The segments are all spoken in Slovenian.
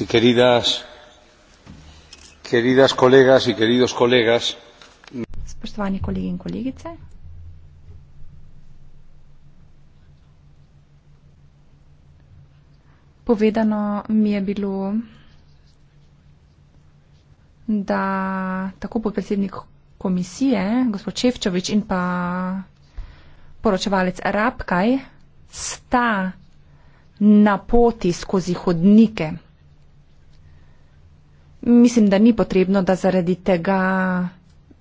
y queridas, queridas colegas y queridos colegas. Spoštovani kolegi in kolegice. Povedano mi je bilo, da tako podpredsednik komisije, gospod Čevčovič in pa poročevalec Rabkaj sta na poti skozi hodnike Mislim, da ni potrebno, da zaradi tega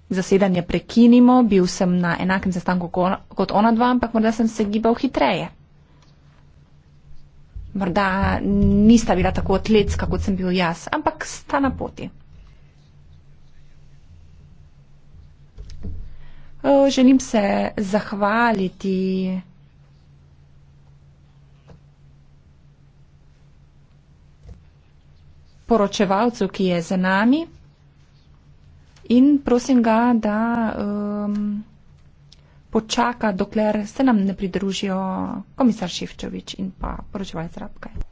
zasedanja prekinimo. Bil sem na enakem sestanku kot ona dva, ampak morda sem se gibal hitreje. Morda nista bila tako atletska, kot sem bil jaz, ampak sta na poti. Želim se zahvaliti. poročevalcu, ki je za nami in prosim ga, da um, počaka, dokler se nam ne pridružijo komisar Šivčovič in pa poročevalec Rabkaj.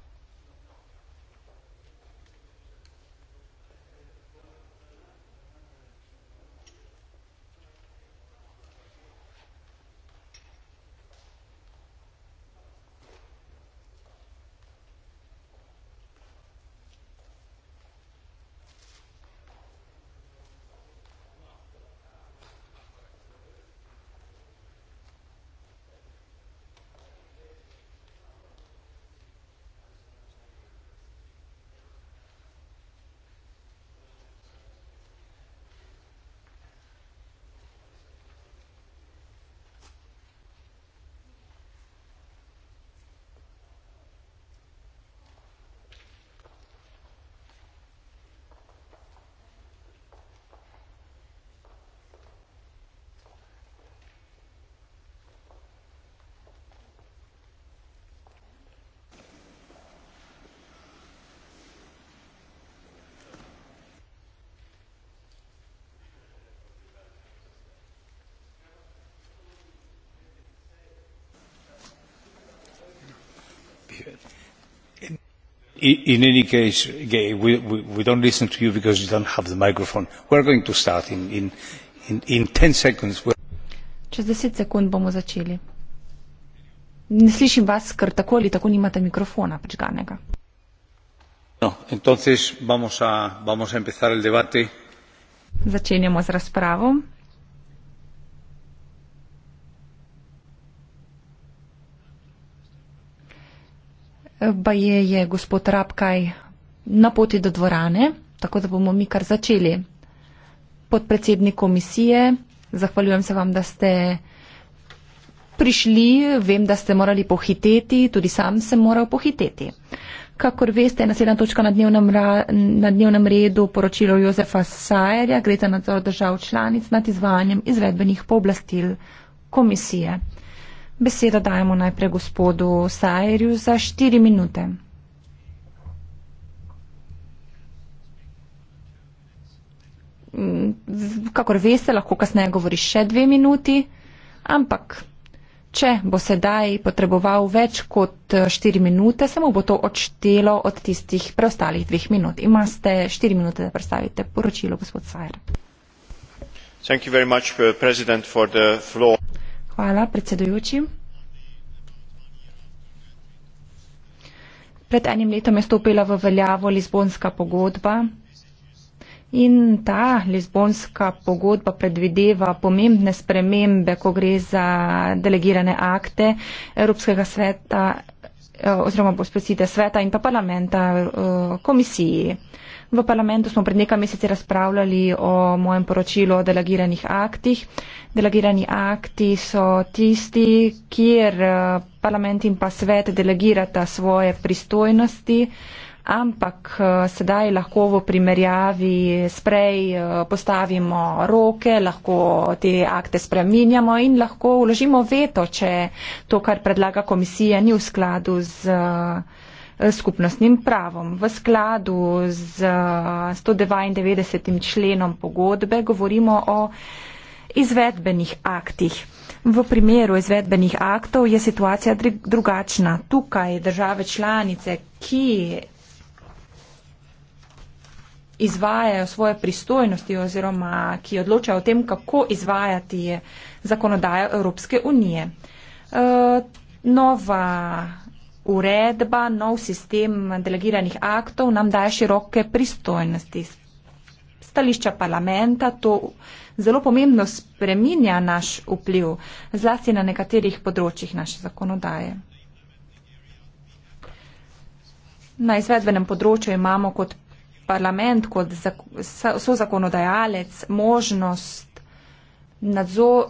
in any case, we, we, we don't listen to you because you don't have the microphone. We're going to start in, in, in, in 10 seconds. Čez 10 sekund bomo začeli. Ne slišim vas, ker tako ali tako nimate mikrofona prižganega. No, entonces vamos a, vamos a empezar el debate. Začenjamo z razpravom. Pa je, je gospod Rabkaj na poti do dvorane, tako da bomo mi kar začeli. Podpredsednik komisije, zahvaljujem se vam, da ste prišli, vem, da ste morali pohiteti, tudi sam sem moral pohiteti. Kakor veste, je naslednja točka na dnevnem, ra, na dnevnem redu poročilo Jozefa Sajerja, gre za nadzor držav članic nad izvajanjem izvedbenih pooblastil komisije. Beseda dajemo najprej gospodu Sajerju za štiri minute. Mm, kakor veste, lahko kasneje govori še dve minuti, ampak če bo sedaj potreboval več kot eh, štiri minute, se mu bo to odštelo od tistih preostalih dveh minut. Imate štiri minute, da predstavite poročilo, gospod Sajer. Thank you very much, eh, President, for the floor. Hvala, predsedujoči. Pred enim letom je stopila v veljavo Lizbonska pogodba in ta Lizbonska pogodba predvideva pomembne spremembe, ko gre za delegirane akte Evropskega sveta Eh, oziroma bo s presite sveta in pa parlamenta eh, komisiji. V parlamentu smo pred nekaj meseci razpravljali o mojem poročilu o delegiranih aktih. Delegirani akti so tisti, kjer eh, parlament in pa svet delegirata svoje pristojnosti ampak eh, sedaj lahko v primerjavi s prej eh, postavimo roke, lahko te akte spreminjamo in lahko uložimo veto, če to, kar predlaga komisija, ni v skladu z eh, skupnostnim pravom. V skladu z 192. členom pogodbe govorimo o izvedbenih aktih. V primeru izvedbenih aktov je situacija drugačna. Tukaj države članice, ki izvajajo svoje pristojnosti oziroma ki odločajo o tem, kako izvajati zakonodajo Evropske unije. E, nova uredba, nov sistem delegiranih aktov nam daje široke pristojnosti. Stališča parlamenta to zelo pomembno spreminja naš vpliv, zlasti na nekaterih področjih naše zakonodaje. Na izvedbenem področju imamo kot parlament kot zako, so zakonodajalec možnost nadzor,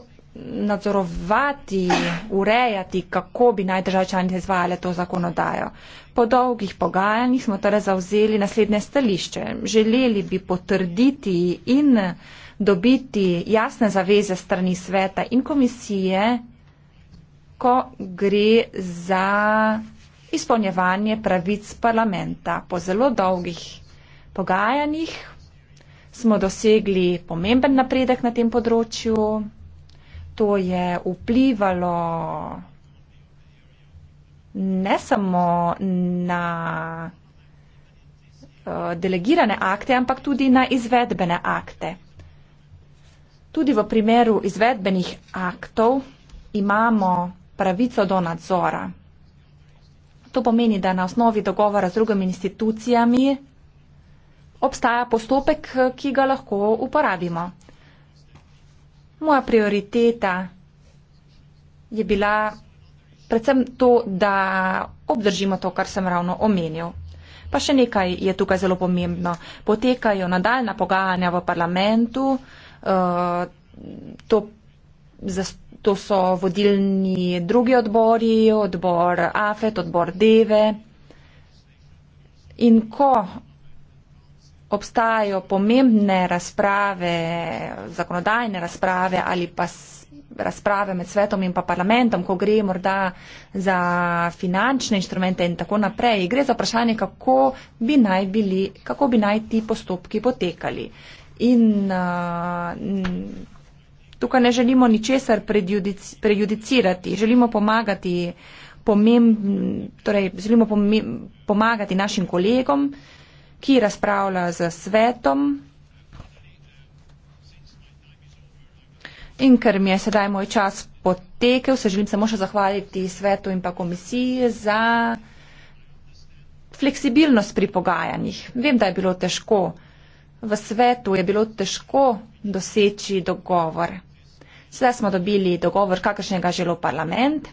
nadzorovati, urejati, kako bi naj države članice izvajale to zakonodajo. Po dolgih pogajanjih smo torej zavzeli naslednje stališče. Želeli bi potrditi in dobiti jasne zaveze strani sveta in komisije, ko gre za izpolnjevanje pravic parlamenta po zelo dolgih pogajanjih smo dosegli pomemben napredek na tem področju. To je vplivalo ne samo na eh, delegirane akte, ampak tudi na izvedbene akte. Tudi v primeru izvedbenih aktov imamo pravico do nadzora. To pomeni, da na osnovi dogovora z drugimi institucijami obstaja postopek, ki ga lahko uporabimo. Moja prioriteta je bila predvsem to, da obdržimo to, kar sem ravno omenil. Pa še nekaj je tukaj zelo pomembno. Potekajo nadaljna pogajanja v parlamentu. Eh, to, to so vodilni drugi odbori, odbor AFET, odbor DEVE. In ko obstajajo pomembne razprave, zakonodajne razprave ali pa razprave med svetom in pa parlamentom, ko gre morda za finančne inštrumente in tako naprej. Gre za vprašanje, kako bi naj, bili, kako bi naj ti postopki potekali. In uh, tukaj ne želimo ničesar prejudici, prejudicirati, želimo pomagati, pomemb, torej, želimo pomem, pomagati našim kolegom, uh, ki razpravlja z svetom. In ker mi je sedaj moj čas potekel, se želim samo še zahvaliti svetu in pa komisiji za fleksibilnost pri pogajanjih. Vem, da je bilo težko. V svetu je bilo težko doseči dogovor. Sedaj smo dobili dogovor, kakršnega želo parlament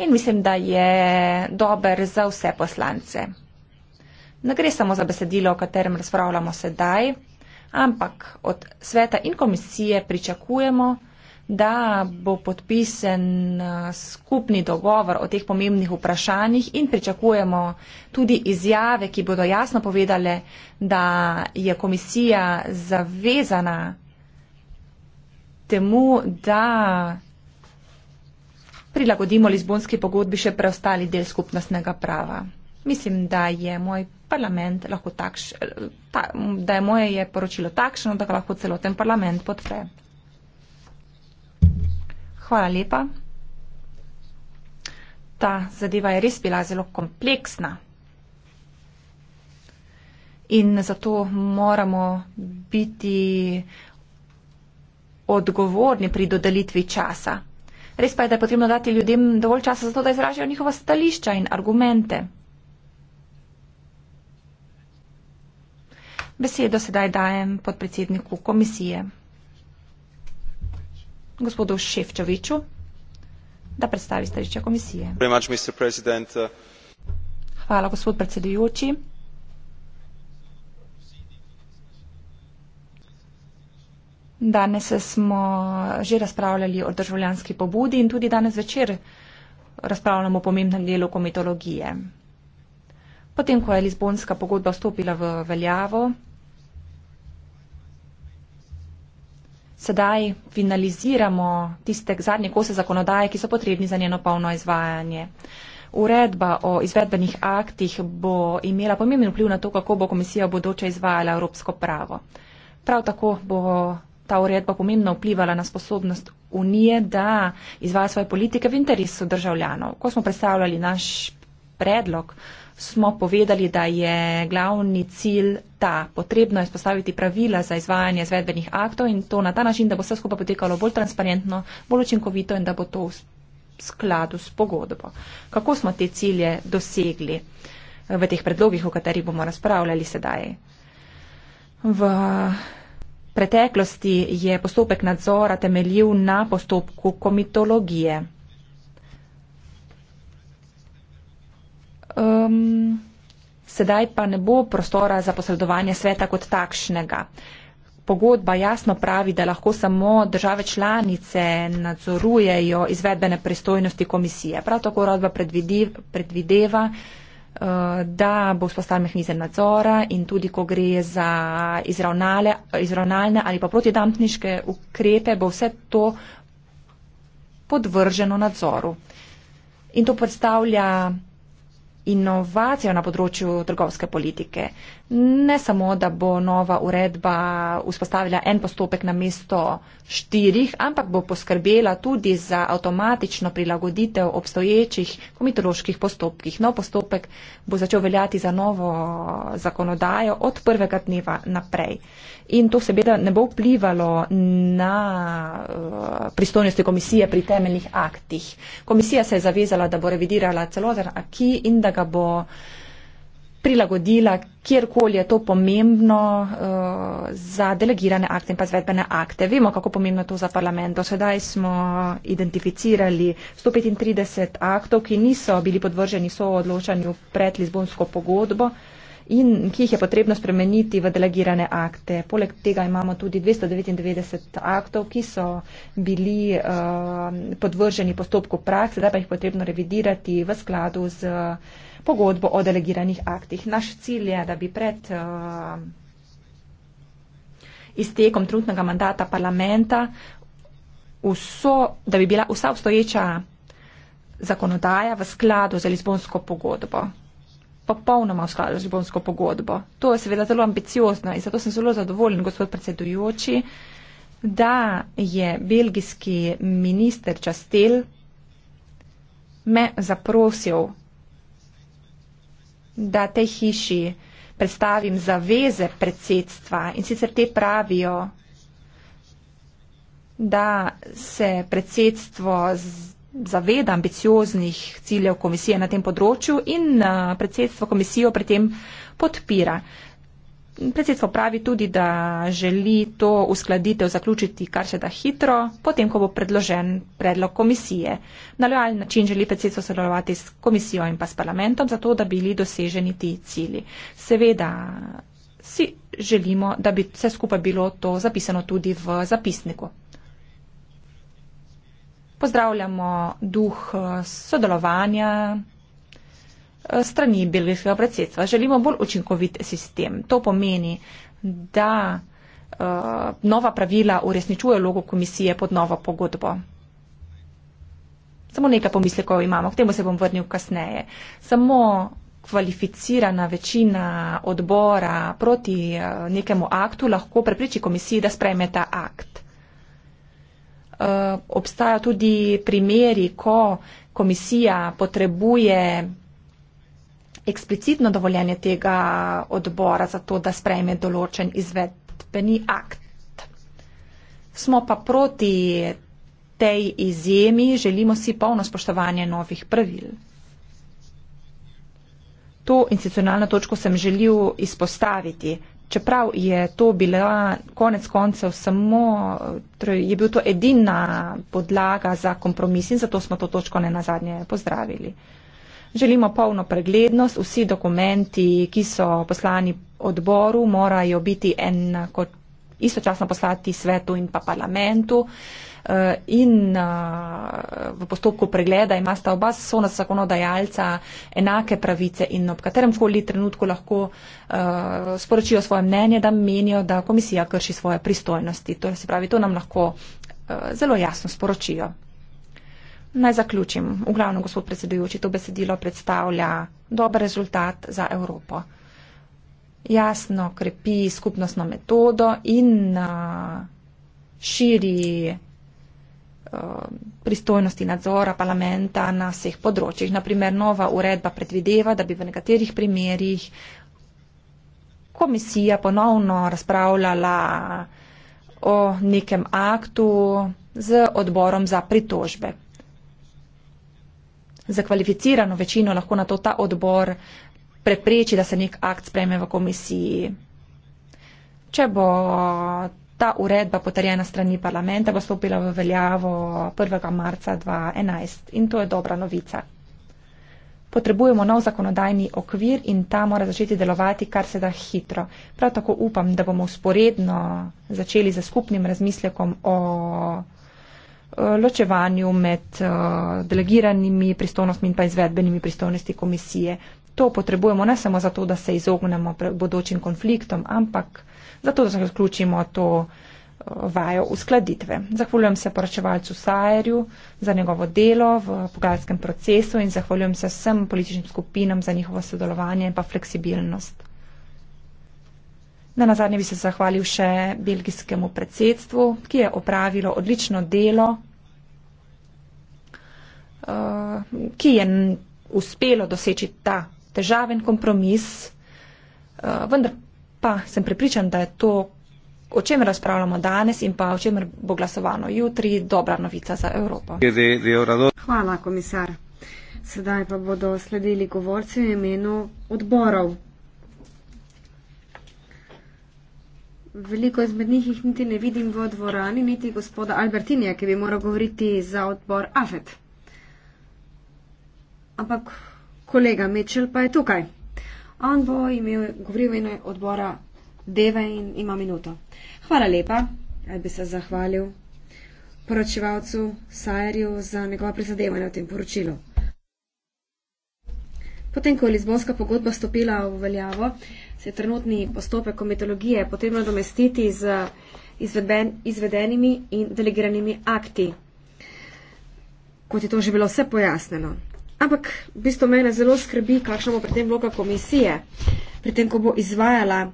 in mislim, da je dober za vse poslance ne gre samo za besedilo, o katerem razpravljamo sedaj, ampak od sveta in komisije pričakujemo, da bo podpisen eh, skupni dogovor o teh pomembnih vprašanjih in pričakujemo tudi izjave, ki bodo jasno povedale, da je komisija zavezana temu, da prilagodimo Lizbonski pogodbi še preostali del skupnostnega prava. Mislim, da je moj parlament lahko takš, ta, da je moje je poročilo takšno, da ga lahko celoten parlament podpre. Hvala lepa. Ta zadeva je res bila zelo kompleksna. In zato moramo biti odgovorni pri dodelitvi časa. Res pa je, da je potrebno dati ljudem dovolj časa za to, da izražajo njihova stališča in argumente. Besedo sedaj dajem podpredsedniku komisije, gospodu Šefčoviču, da predstavi stališče komisije. Hvala, gospod predsedujoči. Danes smo že razpravljali o državljanski pobudi in tudi danes večer razpravljamo o pomembnem delu komitologije. Potem, ko je Lizbonska pogodba vstopila v veljavo, sedaj finaliziramo tiste zadnje kose zakonodaje, ki so potrebni za njeno polno izvajanje. Uredba o izvedbenih aktih bo imela pomemben vpliv na to, kako bo komisija bodoče izvajala evropsko pravo. Prav tako bo ta uredba pomembno vplivala na sposobnost unije, da izvaja svoje politike v interesu državljanov. Ko smo predstavljali naš predlog, uh, smo povedali, da je glavni cilj ta. Potrebno je spostaviti pravila za izvajanje izvedbenih aktov in to na ta način, da bo vse skupaj potekalo bolj transparentno, bolj učinkovito in da bo to v skladu s pogodbo. Kako smo te cilje dosegli v teh predlogih, o katerih bomo razpravljali sedaj? V preteklosti je postopek nadzora temeljiv na postopku komitologije. Um, sedaj pa ne bo prostora za posredovanje sveta kot takšnega. Pogodba jasno pravi, da lahko samo države članice nadzorujejo izvedbene pristojnosti komisije. Prav tako rodba predvideva, eh, da bo vzpostavljen mehanizem nadzora in tudi, ko gre za izravnalne ali pa protidampniške ukrepe, bo vse to podvrženo nadzoru. In to predstavlja inovacijo na področju trgovske politike. Ne samo, da bo nova uredba vzpostavila en postopek na mesto štirih, ampak bo poskrbela tudi za avtomatično prilagoditev obstoječih komitoloških postopkih. No, postopek bo začel veljati za novo zakonodajo od prvega dneva naprej in to seveda ne bo vplivalo na eh, pristojnosti komisije pri temeljnih aktih. Komisija se je zavezala, da bo revidirala celoten aki in da ga bo prilagodila, kjerkoli je to pomembno eh, za delegirane akte in pa zvedbene akte. Vemo, kako pomembno je to za parlament. Do sedaj smo identificirali 135 aktov, ki niso bili podvrženi soodločanju pred Lizbonsko pogodbo in ki jih je potrebno spremeniti v delegirane akte. Poleg tega imamo tudi 299 aktov, ki so bili eh, podvrženi postopku prakse, zdaj pa jih je potrebno revidirati v skladu z pogodbo o delegiranih aktih. Naš cilj je, da bi pred eh, iztekom trenutnega mandata parlamenta vso, da bi bila vsa obstoječa zakonodaja v skladu z Lizbonsko pogodbo popolnoma skladu z ljubonsko pogodbo. To je seveda zelo ambiciozno in zato sem zelo zadovoljen, gospod predsedujoči, da je belgijski minister Častel me zaprosil, da tej hiši predstavim zaveze predsedstva in sicer te pravijo, da se predsedstvo z zaveda ambicioznih ciljev komisije na tem področju in eh, predsedstvo komisijo pri tem podpira. Predsedstvo pravi tudi, da želi to uskladitev zaključiti kar se da hitro, potem, ko bo predložen predlog komisije. Na lojalen način želi predsedstvo sodelovati s komisijo in pa s parlamentom, zato da bili doseženi ti cili. Seveda si želimo, da bi vse skupaj bilo to zapisano tudi v zapisniku pozdravljamo duh eh, sodelovanja eh, strani belgijskega predsedstva. Želimo bolj učinkovit sistem. To pomeni, da eh, nova pravila uresničuje logo komisije pod novo pogodbo. Samo nekaj pomislekov imamo, k temu se bom vrnil kasneje. Samo kvalificirana večina odbora proti nekemu aktu lahko prepriči komisiji, da sprejme ta akt. Eh, obstajajo tudi primeri, ko komisija potrebuje eksplicitno dovoljenje tega odbora za to, da sprejme določen izvedbeni akt. Smo pa proti tej izjemi, želimo si polno spoštovanje novih pravil. To institucionalno točko sem želil izpostaviti čeprav je to bila konec koncev samo, torej je bil to edina podlaga za kompromis in zato smo to točko ne nazadnje pozdravili. Želimo polno preglednost, vsi dokumenti, ki so poslani odboru, morajo biti enako, istočasno poslati svetu in pa parlamentu. Uh, Eh, in eh, v postopku pregleda ima sta oba sona zakonodajalca enake pravice in ob katerem koli trenutku lahko eh, sporočijo svoje mnenje, da menijo, da komisija krši svoje pristojnosti. To, se pravi, to nam lahko zelo jasno sporočijo. Naj zaključim. V glavnem, gospod predsedujoči, to besedilo predstavlja dober rezultat za Evropo. Jasno krepi skupnostno metodo in uh, širi Um, pristojnosti nadzora parlamenta na vseh področjih. Naprimer, nova uredba predvideva, da bi v nekaterih primerjih komisija ponovno razpravljala o nekem aktu z odborom za pritožbe. Za kvalificirano večino lahko na to ta odbor prepreči, da se nek akt sprejme v komisiji. Če bo ta uredba potrjena strani parlamenta bo stopila v veljavo 1. marca 2011 in to je dobra novica. Potrebujemo nov zakonodajni okvir in ta mora začeti delovati kar se da hitro. Prav tako upam, da bomo usporedno začeli za skupnim razmislekom o e, ločevanju med e, delegiranimi pristojnostmi in pa izvedbenimi pristojnosti komisije. To potrebujemo ne samo zato, da se izognemo bodočim konfliktom, ampak zato da se vključimo to eh, vajo uskladitve. Zahvaljujem se poročevalcu Sajerju za njegovo delo v pogajalskem procesu in zahvaljujem se vsem političnim skupinam za njihovo sodelovanje in pa fleksibilnost. Na nazadnje bi se zahvalil še belgijskemu predsedstvu, ki je opravilo odlično delo, eh, ki je uspelo doseči ta težaven kompromis, eh, vendar pa sem prepričan, da je to, o čem razpravljamo danes in pa o čem bo glasovano jutri, dobra novica za Evropo. Hvala, komisar. Sedaj pa bodo sledili govorci v imenu odborov. Veliko izmed njih jih niti ne vidim v dvorani, niti gospoda Albertinija, ki bi moral govoriti za odbor AFET. Ampak kolega Mečel pa je tukaj. On bo imel, govoril v ime odbora Deve in ima minuto. Hvala lepa, da bi se zahvalil poročevalcu Sajerju za njegova prizadevanja v tem poročilu. Potem, ko je Lizbonska pogodba stopila v veljavo, se je trenutni postopek komitologije potrebno domestiti z izveden, izvedenimi in delegiranimi akti, kot je to že bilo vse pojasneno. Ampak v bistvu mene zelo skrbi, kakšna bo pri tem vloga komisije, pri tem, ko bo izvajala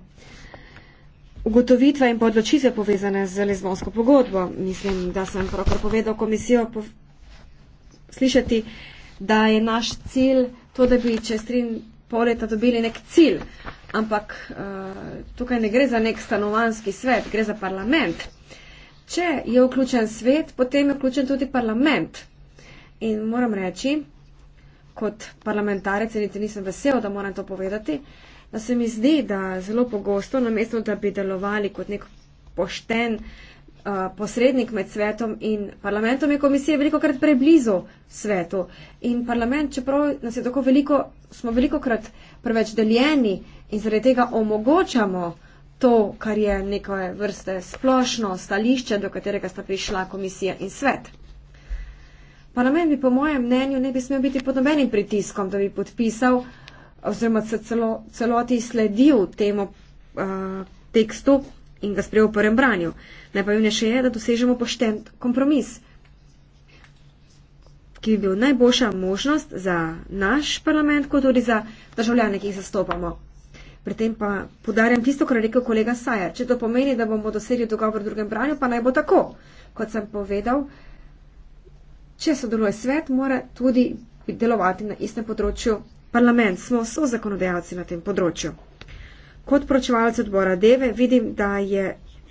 ugotovitve in podločitve povezane z lezbonsko pogodbo. Mislim, da sem pravkar povedal komisijo pov... slišati, da je naš cilj to, da bi čez tri pol leta dobili nek cilj. Ampak uh, tukaj ne gre za nek stanovanski svet, gre za parlament. Če je vključen svet, potem je vključen tudi parlament. In moram reči, kot parlamentarec, niti nisem vesel, da moram to povedati, da se mi zdi, da zelo pogosto, namesto da bi delovali kot nek pošten uh, posrednik med svetom in parlamentom, je komisija veliko krat preblizu svetu. In parlament, čeprav nas je tako veliko, smo veliko krat preveč deljeni in zaradi tega omogočamo to, kar je neke vrste splošno stališče, do katerega sta prišla komisija in svet. Parlament bi po mojem mnenju ne bi smel biti pod nobenim pritiskom, da bi podpisal oziroma se celo, celoti sledil temu uh, tekstu in ga sprejel v prvem branju. Najpomembnejše je, da dosežemo pošten kompromis, ki bi bil najboljša možnost za naš parlament, kot tudi za državljane, ki jih zastopamo. Pri tem pa podarjam tisto, kar je rekel kolega Sajer. Če to pomeni, da bomo dosegli dogovor v drugem branju, pa naj bo tako. Kot sem povedal, uh, če sodeluje svet, mora tudi delovati na istem področju parlament. Smo so zakonodajalci na tem področju. Kot pročevalce odbora Deve vidim, da je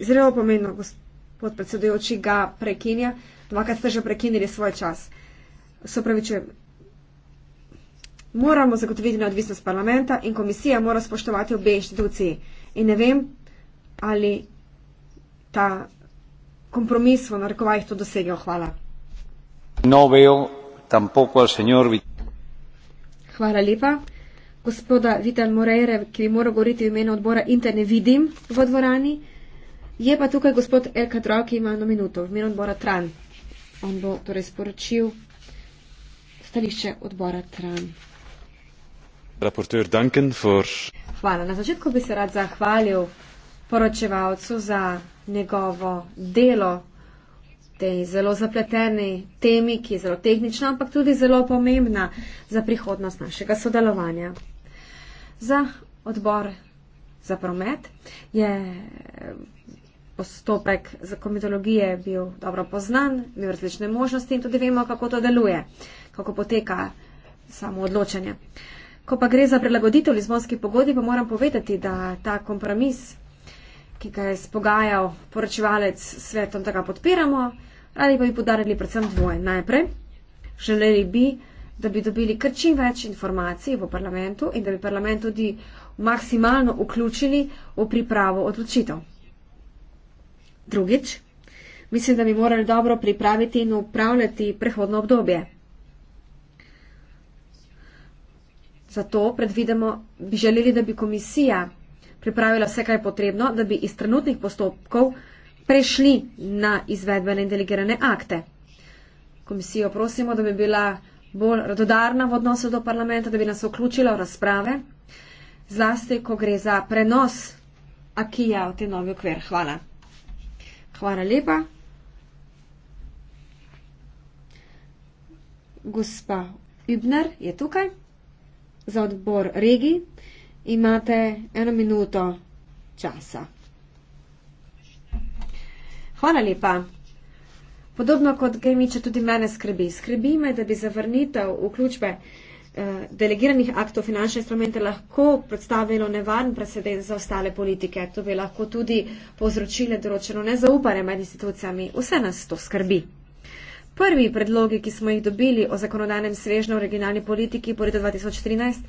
zelo pomembno, gospod predsedujoči ga prekinja, dvakrat ste že prekinili svoj čas. Se pravičujem. Moramo zagotoviti neodvisnost parlamenta in komisija mora spoštovati obe inštituciji. In ne vem, ali ta kompromis v narekovajih to dosegel. Hvala. No Hvala lepa. Gospoda Vita Moreire, ki bi moral govoriti v imenu odbora Inter, ne vidim v dvorani. Je pa tukaj gospod Elka Drog, ki ima eno minuto v imenu odbora Tran. On bo torej sporočil stališče odbora Tran. Hvala. Na začetku bi se rad zahvalil poročevalcu za njegovo delo tej zelo zapleteni temi, ki je zelo tehnična, ampak tudi zelo pomembna za prihodnost našega sodelovanja. Za odbor za promet je eh, postopek za komitologije bil dobro poznan, imel različne možnosti in tudi vemo, kako to deluje, kako poteka samo odločanje. Ko pa gre za prilagoditev Lizbonski pogodbi, pa moram povedati, da ta kompromis ki ga je spogajal poročevalec svetom, da ga podpiramo, radi pa bi podarili predvsem dvoje. Najprej želeli bi, da bi dobili kar čim več informacij v parlamentu in da bi parlament tudi maksimalno vključili v pripravo odločitev. Drugič, mislim, da bi morali dobro pripraviti in upravljati prehodno obdobje. Zato predvidemo, bi želeli, da bi komisija pripravila vse, kar je potrebno, da bi iz trenutnih postopkov prešli na izvedbene in delegirane akte. Komisijo prosimo, da bi bila bolj radodarna v odnosu do parlamenta, da bi nas vključila v razprave, zlasti, ko gre za prenos akija v te novi okvir. Hvala. Hvala lepa. Gospa Ibner je tukaj za odbor regij imate eno minuto časa. Hvala lepa. Podobno kot Gemiče, tudi mene skrbi. Skrbi me, da bi zavrnitev vključbe eh, delegiranih aktov finančne instrumente lahko predstavilo nevarn preseden za ostale politike. To bi lahko tudi povzročile določeno nezaupanje med institucijami. Vse nas to skrbi. Prvi predlogi, ki smo jih dobili o zakonodanem svežnju o regionalni politiki po letu 2013,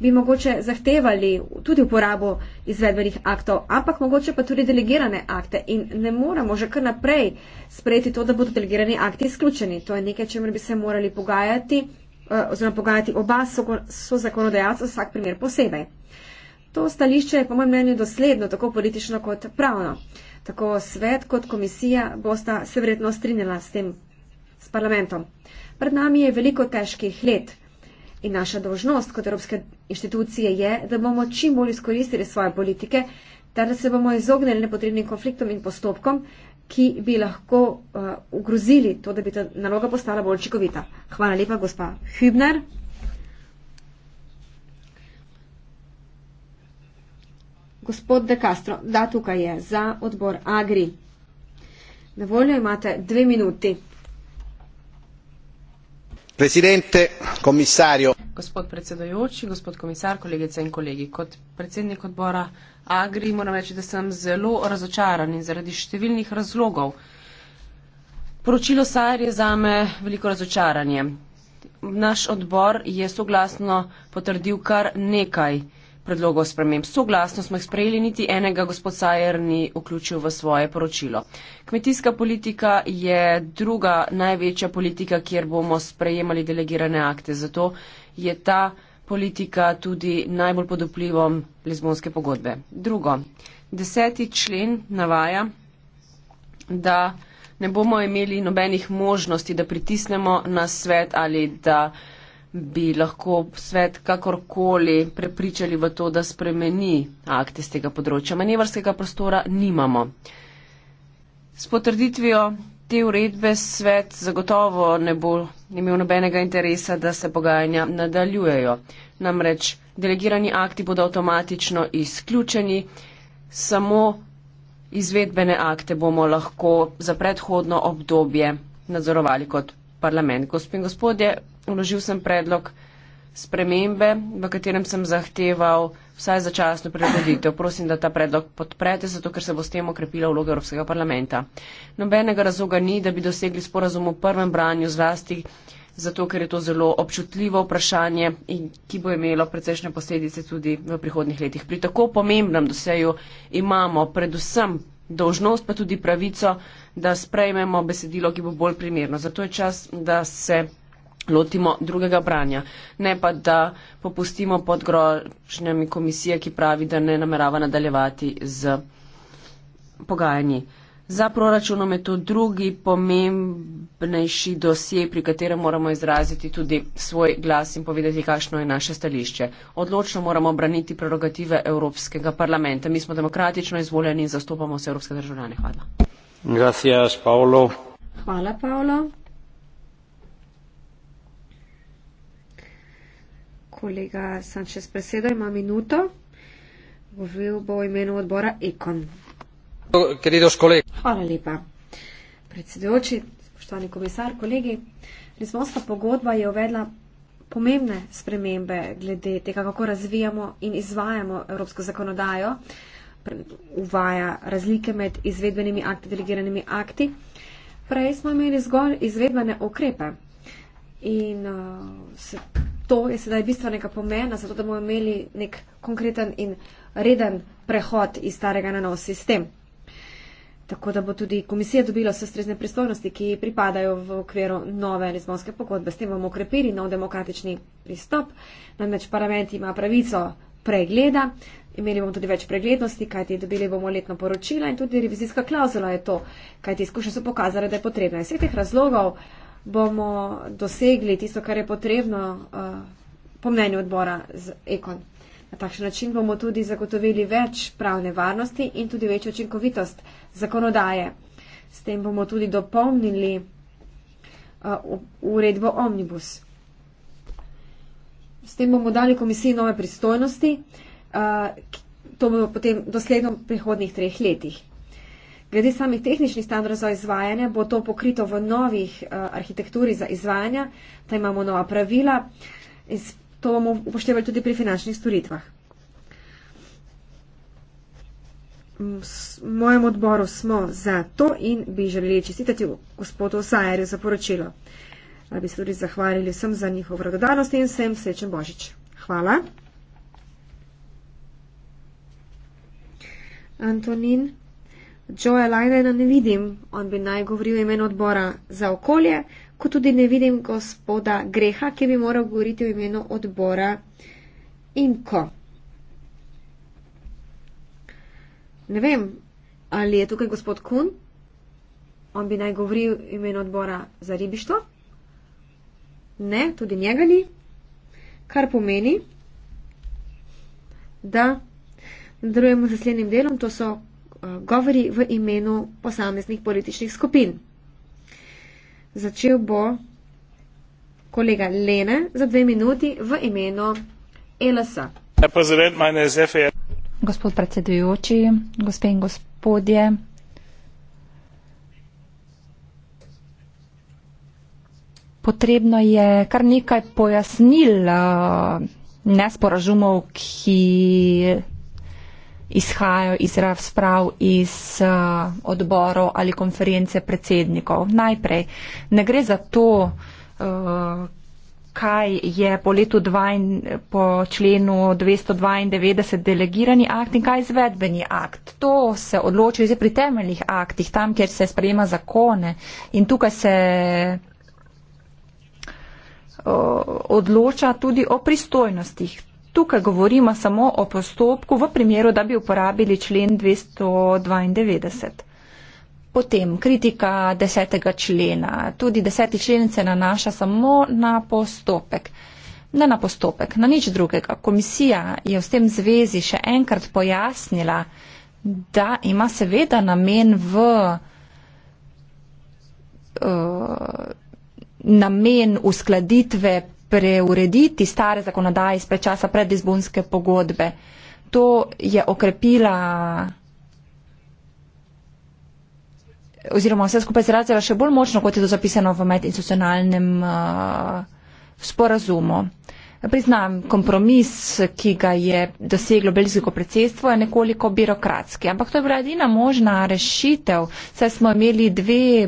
bi mogoče zahtevali tudi uporabo izvedbenih aktov, ampak mogoče pa tudi delegirane akte in ne moramo že kar naprej sprejeti to, da bodo delegirani akti izključeni. To je nekaj, čemer bi se morali pogajati eh, oziroma pogajati oba so zakonodajalca vsak primer posebej. To stališče je po mojem mnenju dosledno, tako politično kot pravno. Tako svet kot komisija bosta se verjetno strinjala s tem, s parlamentom. Pred nami je veliko težkih let. In naša dožnost kot Evropske inštitucije je, da bomo čim bolj izkoristili svoje politike, ter da se bomo izognili nepotrebnim konfliktom in postopkom, ki bi lahko uh, ugrozili to, da bi ta naloga postala bolj učinkovita. Hvala lepa, gospa Hübner. Gospod De Castro, da tukaj je za odbor Agri. Na voljo imate dve minuti gospod predsedujoči gospod komisar kolegice in kolegi kot predsednik odbora agri moram reči da sem zelo razočaran in zaradi številnih razlogov poročilo sar je zame veliko razočaranje naš odbor je soglasno potrdil kar nekaj predlogov sprememb. Soglasno smo jih sprejeli, niti enega gospod Sajer ni vključil v svoje poročilo. Kmetijska politika je druga največja politika, kjer bomo sprejemali delegirane akte. Zato je ta politika tudi najbolj pod vplivom Lizbonske pogodbe. Drugo. Deseti člen navaja, da ne bomo imeli nobenih možnosti, da pritisnemo na svet ali da bi lahko svet kakorkoli prepričali v to, da spremeni akte z tega področja. Manevrskega prostora nimamo. S potrditvijo te uredbe svet zagotovo ne bo imel nobenega interesa, da se pogajanja nadaljujejo. Namreč delegirani akti bodo avtomatično izključeni, samo izvedbene akte bomo lahko za predhodno obdobje nadzorovali kot parlament. Gospod in gospodje, vložil sem predlog spremembe, v katerem sem zahteval vsaj začasno prilagoditev. Prosim, da ta predlog podprete, zato ker se bo s tem okrepila vloga Evropskega parlamenta. Nobenega razloga ni, da bi dosegli sporazum v prvem branju zlasti, zato ker je to zelo občutljivo vprašanje in ki bo imelo precejšnje posledice tudi v prihodnih letih. Pri tako pomembnem doseju imamo predvsem dožnost, pa tudi pravico, da sprejmemo besedilo, ki bo bolj primerno. Zato je čas, da se lotimo drugega branja. Ne pa, da popustimo pod grožnjami komisije, ki pravi, da ne namerava nadaljevati z pogajanji. Za proračunom je to drugi pomembnejši dosje, pri katerem moramo izraziti tudi svoj glas in povedati, kakšno je naše stališče. Odločno moramo braniti prerogative Evropskega parlamenta. Mi smo demokratično izvoljeni in zastopamo vse evropske državljane. Hvala. Gracias, Paolo. Hvala, Paolo. kolega Sanchez Presedo ima minuto. Govoril bo o imenu odbora Ekon. Hvala lepa. Predsedujoči, spoštovani komisar, kolegi. Lizbonska pogodba je uvedla pomembne spremembe glede tega, kako razvijamo in izvajamo evropsko zakonodajo. Uvaja razlike med izvedbenimi akti, delegiranimi akti. Prej smo imeli zgolj izvedbene ukrepe in uh, se to je sedaj bistvenega pomena, zato da bomo imeli nek konkreten in reden prehod iz starega na nov sistem. Tako da bo tudi komisija dobila vse strezne pristojnosti, ki pripadajo v okviru nove Lizbonske pogodbe. S tem bomo okrepili nov demokratični pristop. Namreč parlament ima pravico pregleda, imeli bomo tudi več preglednosti, kajti dobili bomo letno poročila in tudi revizijska klauzula je to, kajti izkušnje so pokazale, da je potrebna. Iz vseh teh razlogov uh, bomo dosegli tisto, kar je potrebno, uh, po mnenju odbora z Ekon. Na takšen način bomo tudi zagotovili več pravne varnosti in tudi večjo učinkovitost zakonodaje. S tem bomo tudi dopolnili uh, uredbo Omnibus. S tem bomo dali komisiji nove pristojnosti, uh, to bo potem dosledno v prihodnih treh letih. Glede samih tehničnih standardov za izvajanje bo to pokrito v novih uh, arhitekturi za izvajanje, da imamo nova pravila in to bomo upoštevali tudi pri finančnih storitvah. S mojem odboru smo za to in bi želeli čestitati gospodu Sajerju za poročilo. Da bi se tudi zahvalili vsem za njihovo radodarnost in vsem srečen Božič. Hvala. Antonin. Joe Lajdena ne vidim, on bi naj govoril imen odbora za okolje, kot tudi ne vidim gospoda Greha, ki bi moral govoriti v imenu odbora Inko. Ne vem, ali je tukaj gospod Kun, on bi naj govoril imen odbora za ribištvo. Ne, tudi njega ni, kar pomeni, da nadaljujemo z naslednjim delom, to so Eh, govori v imenu posameznih političnih skupin. Začel bo kolega Lene za dve minuti v imenu Elasa. Gospod predsedujoči, gospe in gospodje. Potrebno je kar nekaj pojasnil eh, nesporazumov, ki izhajajo iz razprav iz uh, odborov ali konference predsednikov. Najprej, ne gre za to, uh, kaj je po letu 2, po členu 292 delegirani akt in kaj je izvedbeni akt. To se odloči že pri temeljnih aktih, tam, kjer se sprejema zakone in tukaj se uh, odloča tudi o pristojnostih. Tukaj govorimo samo o postopku v primeru, da bi uporabili člen 292. Potem kritika desetega člena. Tudi deseti člen se nanaša samo na postopek. Ne na postopek, na nič drugega. Komisija je v tem zvezi še enkrat pojasnila, da ima seveda namen v. Uh, namen uskladitve preurediti stare zakonodaje iz prečasa predizbonske pogodbe. To je okrepila oziroma vse skupaj zrazila še bolj močno, kot je to zapisano v medinstitucionalnem uh, sporazumu. Priznam, kompromis, ki ga je doseglo belgijsko predsedstvo, je nekoliko birokratski, ampak to je bila edina možna rešitev, saj smo imeli dve,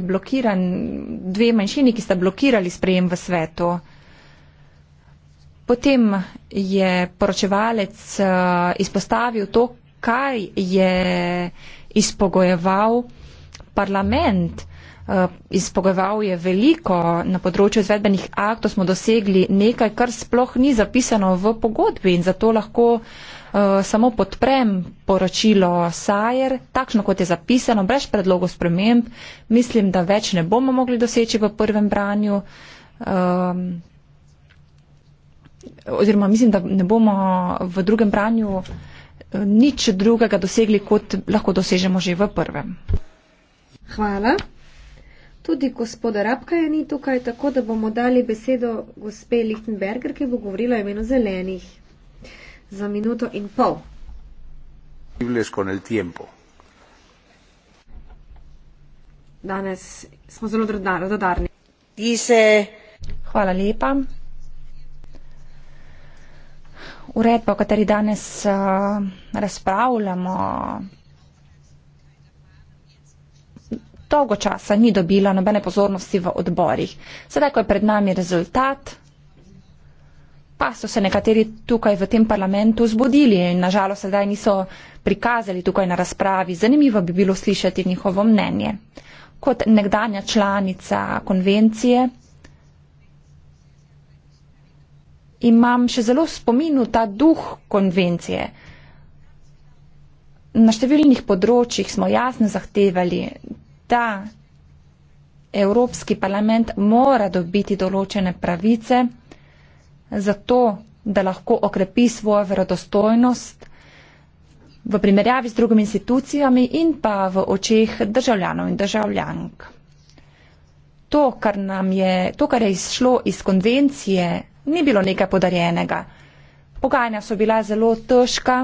dve manjšini, ki sta blokirali sprejem v svetu. Uh, Potem je poročevalec eh, izpostavil to, kaj je izpogojeval parlament. Eh, izpogojeval je veliko na področju izvedbenih aktov, smo dosegli nekaj, kar sploh ni zapisano v pogodbi in zato lahko eh, samo podprem poročilo Sajer, takšno kot je zapisano, brez predlogov sprememb. Mislim, da več ne bomo mogli doseči v prvem branju. Ehm, oziroma mislim, da ne bomo v drugem branju eh, nič drugega dosegli, kot lahko dosežemo že v prvem. Hvala. Tudi gospoda Rabka je ni tukaj, tako da bomo dali besedo gospe Lichtenberger, ki bo govorila o imenu zelenih za minuto in pol. Danes smo zelo dodarni. Dice. Hvala lepa uredba, o kateri danes eh, razpravljamo, dolgo časa ni dobila nobene pozornosti v odborih. Sedaj, ko je pred nami rezultat, pa so se nekateri tukaj v tem parlamentu zbudili in nažalost sedaj niso prikazali tukaj na razpravi. Zanimivo bi bilo slišati njihovo mnenje. Kot nekdanja članica konvencije, imam še zelo v spominu ta duh konvencije. Na številnih področjih smo jasno zahtevali, da Evropski parlament mora dobiti določene pravice, zato da lahko okrepi svojo verodostojnost v primerjavi z drugimi institucijami in pa v očeh državljanov in državljank. To, kar, je, to, kar je izšlo iz konvencije ni bilo nekaj podarjenega. Pogajanja so bila zelo težka,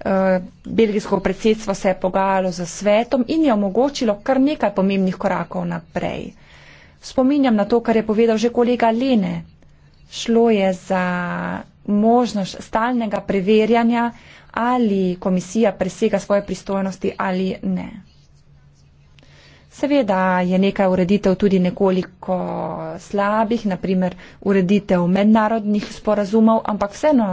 eh, belgijsko predsedstvo se je pogajalo z svetom in je omogočilo kar nekaj pomembnih korakov naprej. Spominjam na to, kar je povedal že kolega Lene. Šlo je za možnost stalnega preverjanja, ali komisija presega svoje pristojnosti ali ne. Seveda je nekaj ureditev tudi nekoliko slabih, naprimer ureditev mednarodnih sporazumov, ampak vseeno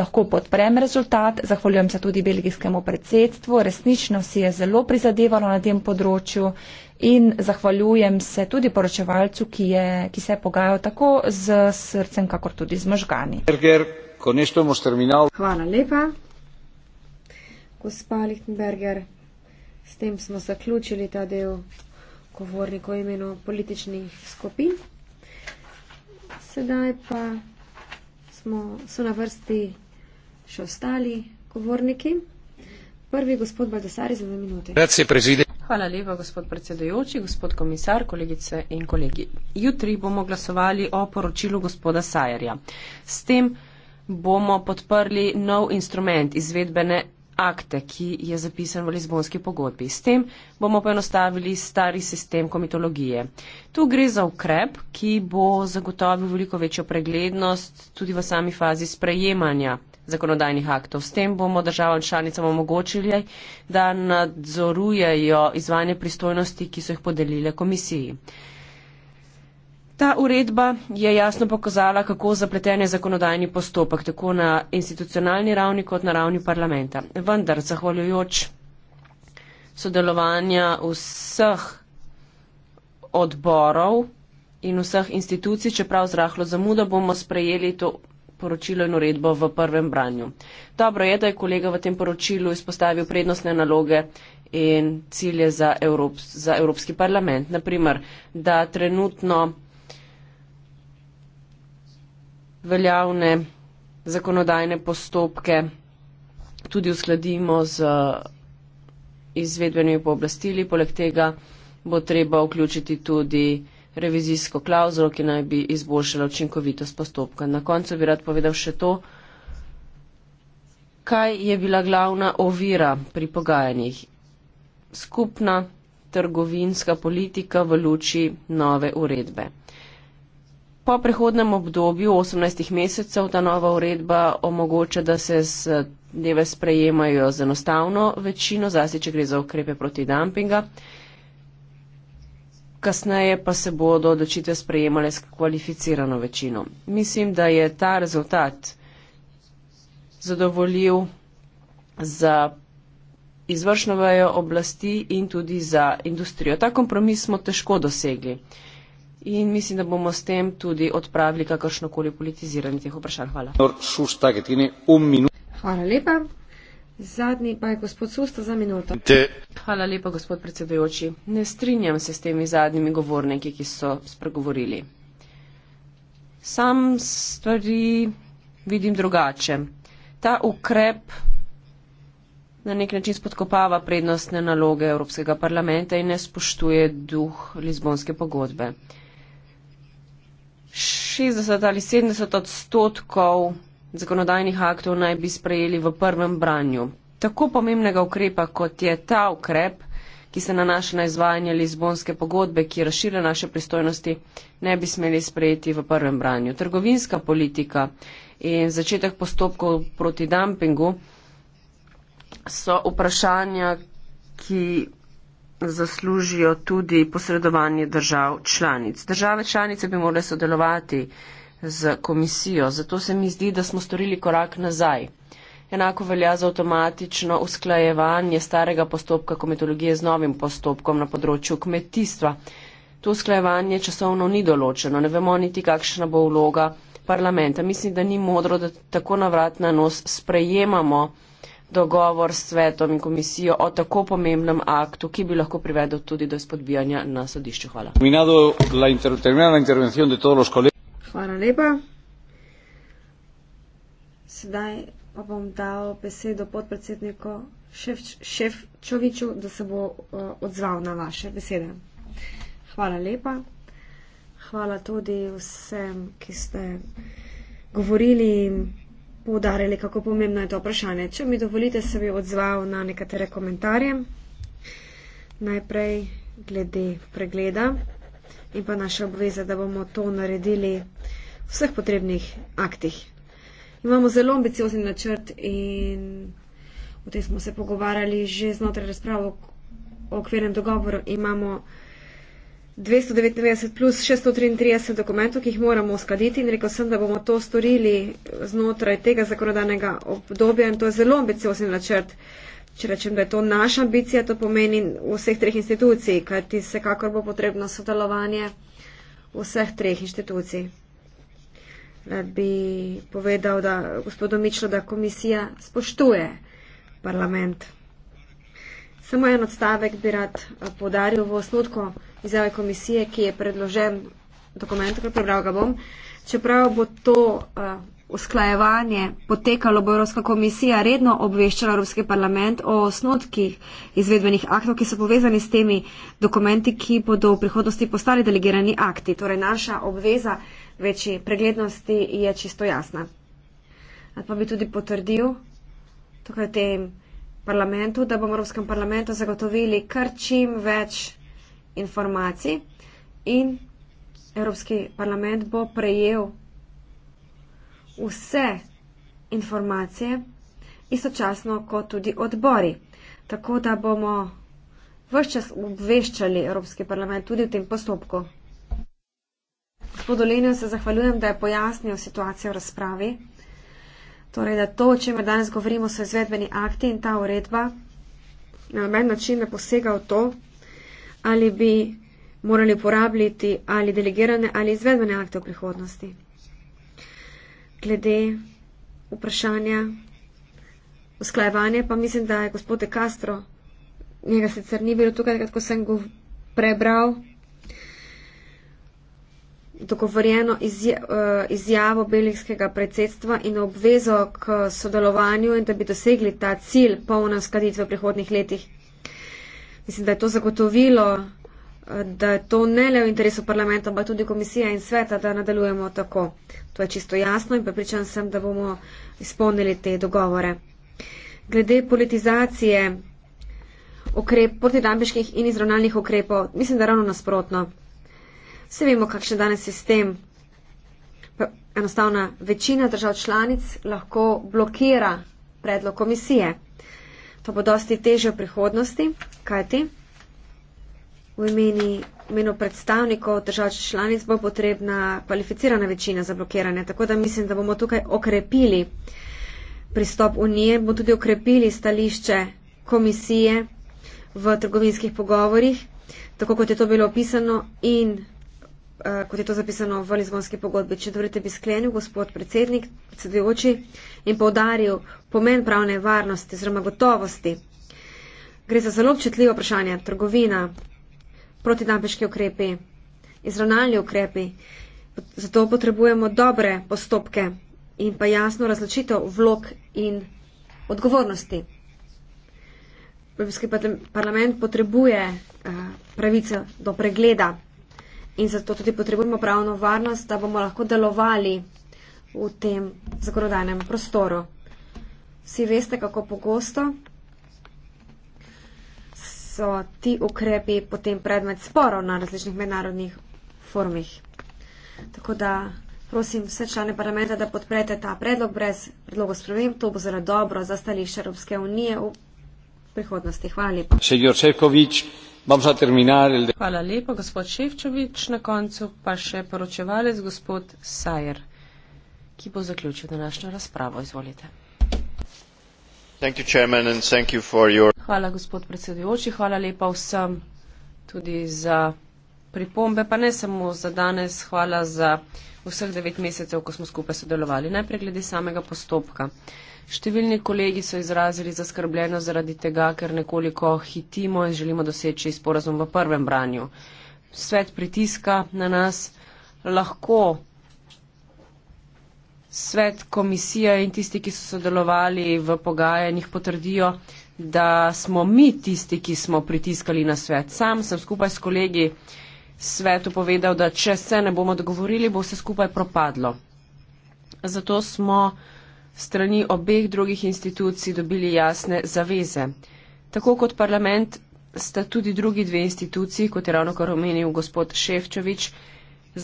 lahko podprem rezultat. Zahvaljujem se tudi belgijskemu predsedstvu, resnično si je zelo prizadevalo na tem področju in zahvaljujem se tudi poročevalcu, ki, je, ki se je pogajal tako z srcem, kakor tudi z možgani. Hvala lepa. Gospa Lichtenberger. S tem smo zaključili ta del govornika o imenu političnih skupin. Sedaj pa smo, so na vrsti še ostali govorniki. Prvi gospod Baldasari za dve minute. Hvala lepa, gospod predsedujoči, gospod komisar, kolegice in kolegi. Jutri bomo glasovali o poročilu gospoda Sajerja. S tem bomo podprli nov instrument izvedbene akte, ki je zapisan v Lizbonski pogodbi. S tem bomo poenostavili stari sistem komitologije. Tu gre za ukrep, ki bo zagotovil veliko večjo preglednost tudi v sami fazi sprejemanja zakonodajnih aktov. S tem bomo državam članicam omogočili, da nadzorujejo izvajanje pristojnosti, ki so jih podelile komisiji. Ta uredba je jasno pokazala, kako zapleten je zakonodajni postopek, tako na institucionalni ravni kot na ravni parlamenta. Vendar, zahvaljujoč sodelovanja vseh odborov in vseh institucij, čeprav z rahlo zamudo, bomo sprejeli to poročilo in uredbo v prvem branju. Dobro je, da je kolega v tem poročilu izpostavil prednostne naloge in cilje za, Evrop, za Evropski parlament. Naprimer, da trenutno veljavne zakonodajne postopke tudi uskladimo z izvedbenimi pooblastili. Poleg tega bo treba vključiti tudi revizijsko klauzulo, ki naj bi izboljšala učinkovitost postopka. Na koncu bi rad povedal še to, kaj je bila glavna ovira pri pogajanjih. Skupna trgovinska politika v luči nove uredbe. Po prehodnem obdobju 18 mesecev ta nova uredba omogoča, da se z dneve sprejemajo z enostavno večino, zase če gre za ukrepe proti dumpinga. Kasneje pa se bodo odločitve sprejemale s kvalificirano večino. Mislim, da je ta rezultat zadovoljiv za izvršno vejo oblasti in tudi za industrijo. Ta kompromis smo težko dosegli. In mislim, da bomo s tem tudi odpravili kakršnokoli politiziranje teh vprašanj. Hvala. Hvala lepa. Zadnji pa je gospod Susta za minuto. Hvala lepa, gospod predsedujoči. Ne strinjam se s temi zadnjimi govorniki, ki so spregovorili. Sam stvari vidim drugače. Ta ukrep na nek način spodkopava prednostne naloge Evropskega parlamenta in ne spoštuje duh Lizbonske pogodbe. 60 ali 70 odstotkov zakonodajnih aktov naj bi sprejeli v prvem branju. Tako pomembnega ukrepa, kot je ta ukrep, ki se nanaša na izvajanje Lizbonske pogodbe, ki razširja naše pristojnosti, ne bi smeli sprejeti v prvem branju. Trgovinska politika in začetek postopkov proti dumpingu so vprašanja, ki zaslužijo tudi posredovanje držav članic. Države članice bi morale sodelovati z komisijo, zato se mi zdi, da smo storili korak nazaj. Enako velja za avtomatično usklajevanje starega postopka kometologije z novim postopkom na področju kmetijstva. To usklajevanje časovno ni določeno, ne vemo niti, kakšna bo vloga parlamenta. Mislim, da ni modro, da tako na vrat na nos sprejemamo dogovor s svetom in komisijo o tako pomembnem aktu, ki bi lahko privedel tudi do spodbijanja na sodišču. Hvala. Hvala lepa. Sedaj pa bom dal besedo podpredsedniku Ševčoviču, da se bo eh, odzval na vaše besede. Hvala lepa. Hvala tudi vsem, ki ste govorili in poudarili, kako pomembno je to vprašanje. Če mi dovolite, se bi odzval na nekatere komentarje. Najprej glede pregleda in pa naše obveze, da bomo to naredili v vseh potrebnih aktih. Imamo zelo ambiciozni načrt in o tem smo se pogovarjali že znotraj razpravo o okvirnem dogovoru. Imamo 293 plus 633 dokumentov, ki jih moramo uskladiti in rekel sem, da bomo to storili znotraj tega zakonodanega obdobja in to je zelo ambiciozen načrt. Če rečem, da je to naša ambicija, to pomeni vseh treh institucij, kajti vsekakor bo potrebno sodelovanje vseh treh institucij. Da bi povedal, da gospodo Mičlo, da komisija spoštuje parlament. Samo en odstavek bi rad eh, podaril v osnutku izjave komisije, ki je predložen dokument, ki prebral ga bom. Čeprav bo to uh, usklajevanje potekalo, bo Evropska komisija redno obveščala Evropski parlament o osnotkih izvedbenih aktov, ki so povezani s temi dokumenti, ki bodo v prihodnosti postali delegirani akti. Torej, naša obveza večji preglednosti je čisto jasna. Ali pa bi tudi potrdil tukaj v tem parlamentu, da bomo Evropskem parlamentu zagotovili kar čim več informacij in Evropski parlament bo prejel vse informacije, istočasno kot tudi odbori. Tako da bomo vse čas obveščali Evropski parlament tudi v tem postopku. Gospod Olenjo se zahvaljujem, da je pojasnil situacijo v razpravi. Torej, da to, o čem danes govorimo, so izvedbeni akti in ta uredba na noben način ne posega v to, ali bi morali uporabljati ali delegirane ali izvedbene akte v prihodnosti. Glede vprašanja usklajevanja, pa mislim, da je gospod De Castro, njega sicer ni bilo tukaj, ko sem go prebral, dogovorjeno eh, izjavo belgijskega predsedstva in obvezo k sodelovanju in da bi dosegli ta cilj polna uskladitve v prihodnih letih mislim, da je to zagotovilo, da je to ne le v interesu parlamenta, ampak tudi komisije in sveta, da nadaljujemo tako. To je čisto jasno in prepričan sem, da bomo izpolnili te dogovore. Glede politizacije ukrep, protidambiških in izravnalnih ukrepov, mislim, da ravno nasprotno. Vse vemo, kakšen danes sistem. Enostavna večina držav članic lahko blokira predlog komisije pa bo dosti težje v prihodnosti, kajti v imeni, imenu predstavnikov držav članic bo potrebna kvalificirana večina za blokiranje. Tako da mislim, da bomo tukaj okrepili pristop unije, bomo tudi okrepili stališče komisije v trgovinskih pogovorih, tako kot je to bilo opisano in eh, kot je to zapisano v Lizbonski pogodbi. Če dovolite, bi sklenil gospod predsednik, predsedujoči in povdaril pomen pravne varnosti oziroma gotovosti. Gre za zelo občutljivo vprašanje trgovina, protidampeški ukrepi, izravnalni ukrepi. Zato potrebujemo dobre postopke in pa jasno razločitev vlog in odgovornosti. Evropski parlament potrebuje eh, pravice do pregleda in zato tudi potrebujemo pravno varnost, da bomo lahko delovali v tem zakonodajnem prostoru. Vsi veste, kako pogosto so ti ukrepi potem predmet sporov na različnih mednarodnih formih. Tako da prosim vse člane parlamenta, da podprete ta predlog brez predlogo sprovem. To bo zelo dobro za stališče Evropske unije v prihodnosti. Hvala lepa. Senjor Čekovič, bom za terminal. Hvala lepa, gospod Ševčovič. Na koncu pa še poročevalec, gospod Sajer ki bo zaključil današnjo razpravo. Izvolite. Hvala, gospod predsedujoči. Hvala lepa vsem tudi za pripombe, pa ne samo za danes. Hvala za vseh devet mesecev, ko smo skupaj sodelovali. Najprej glede samega postopka. Številni kolegi so izrazili zaskrbljeno zaradi tega, ker nekoliko hitimo in želimo doseči sporazum v prvem branju. Svet pritiska na nas. Lahko svet, komisija in tisti, ki so sodelovali v pogajanjih, potrdijo, da smo mi tisti, ki smo pritiskali na svet. Sam sem skupaj s kolegi svetu povedal, da če se ne bomo dogovorili, bo vse skupaj propadlo. Zato smo strani obeh drugih institucij dobili jasne zaveze. Tako kot parlament sta tudi drugi dve instituciji, kot je ravno kar omenil gospod Ševčevič,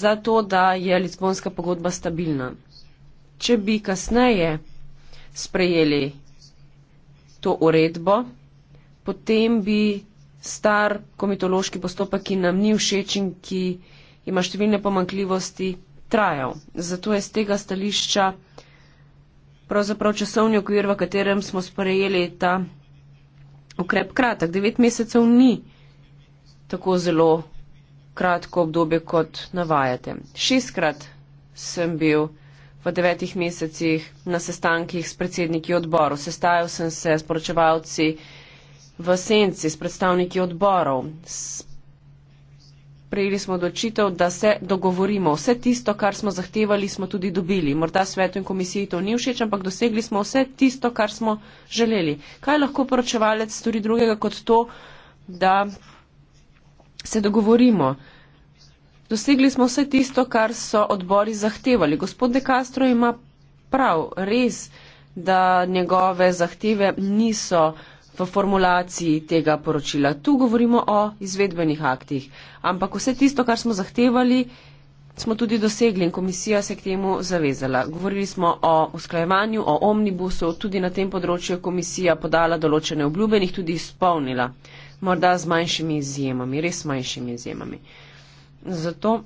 zato da je Lisbonska pogodba stabilna če bi kasneje sprejeli to uredbo, potem bi star komitološki postopek, ki nam ni všeč in ki ima številne pomankljivosti, trajal. Zato je z tega stališča pravzaprav časovni okvir, v katerem smo sprejeli ta ukrep kratek. Devet mesecev ni tako zelo kratko obdobje, kot navajate. Šestkrat sem bil v devetih mesecih na sestankih s predsedniki odborov. Sestajal sem se s poročevalci v senci, s predstavniki odborov. Prejeli smo odločitev, da se dogovorimo. Vse tisto, kar smo zahtevali, smo tudi dobili. Morda svetu in komisiji to ni všeč, ampak dosegli smo vse tisto, kar smo želeli. Kaj lahko poročevalec stori drugega kot to, da se dogovorimo? dosegli smo vse tisto, kar so odbori zahtevali. Gospod De Castro ima prav, res, da njegove zahteve niso v formulaciji tega poročila. Tu govorimo o izvedbenih aktih, ampak vse tisto, kar smo zahtevali, smo tudi dosegli in komisija se k temu zavezala. Govorili smo o usklajevanju, o omnibusu, tudi na tem področju je komisija podala določene obljube in jih tudi izpolnila. Morda z manjšimi izjemami, res manjšimi izjemami. Zato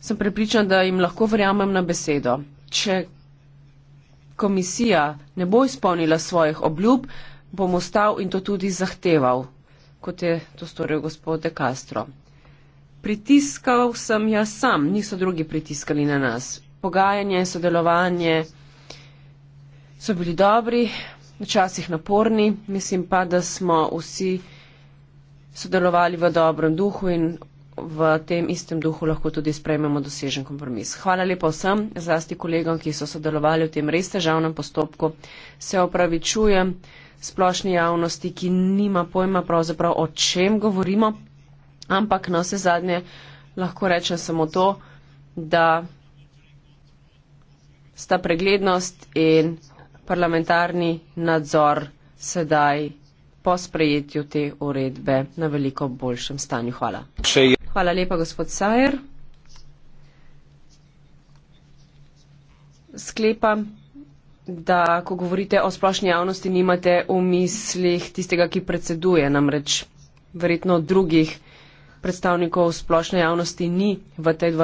sem prepričan, da jim lahko verjamem na besedo. Če komisija ne bo izpolnila svojih obljub, bom ostal in to tudi zahteval, kot je to storil gospod De Castro. Pritiskal sem jaz sam, niso drugi pritiskali na nas. Pogajanje, sodelovanje so bili dobri, včasih naporni, mislim pa, da smo vsi sodelovali v dobrem duhu in v tem istem duhu lahko tudi sprejmemo dosežen kompromis. Hvala lepa vsem, zlasti kolegom, ki so sodelovali v tem res težavnem postopku. Se opravičujem splošni javnosti, ki nima pojma pravzaprav o čem govorimo, ampak na vse zadnje lahko rečem samo to, da sta preglednost in parlamentarni nadzor sedaj po sprejetju te uredbe na veliko boljšem stanju. Hvala. Hvala lepa, gospod Sajer. Sklepam, da ko govorite o splošni javnosti, nimate v mislih tistega, ki predseduje, namreč verjetno drugih predstavnikov splošne javnosti ni v tej dvorani.